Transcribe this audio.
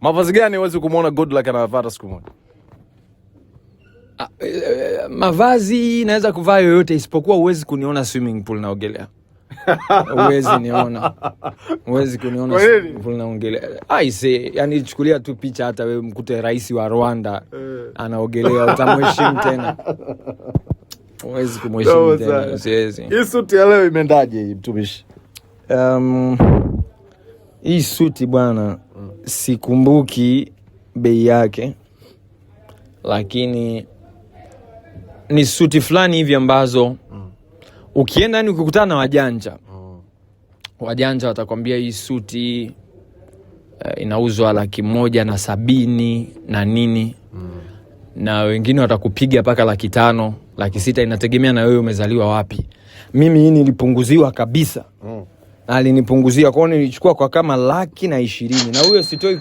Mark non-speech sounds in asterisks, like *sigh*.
mavazi gani huwezi kumwona Goodluck anavaa siku moja? Ah, eh, eh, mavazi naweza kuvaa yoyote isipokuwa huwezi kuniona swimming pool naogelea. *laughs* Uwezi niona, uwezi kuniona pool naogelea. Aise, ah, yani chukulia tu picha, hata wewe mkute rais wa Rwanda eh. anaogelea, utamheshimu tena? Uwezi kumheshimu tena, siwezi. Hii suti ya leo imeendaje, mtumishi? Um, hii suti bwana sikumbuki bei yake, lakini ni suti fulani hivi ambazo mm. ukienda yani ukikutana na wajanja mm. wajanja watakwambia hii suti uh, inauzwa laki moja na sabini na nini mm. na wengine watakupiga mpaka laki tano laki sita, inategemea na wewe umezaliwa wapi. Mimi hii nilipunguziwa kabisa mm alinipunguzia kwao, nilichukua kwa kama laki na ishirini na huyo sitoi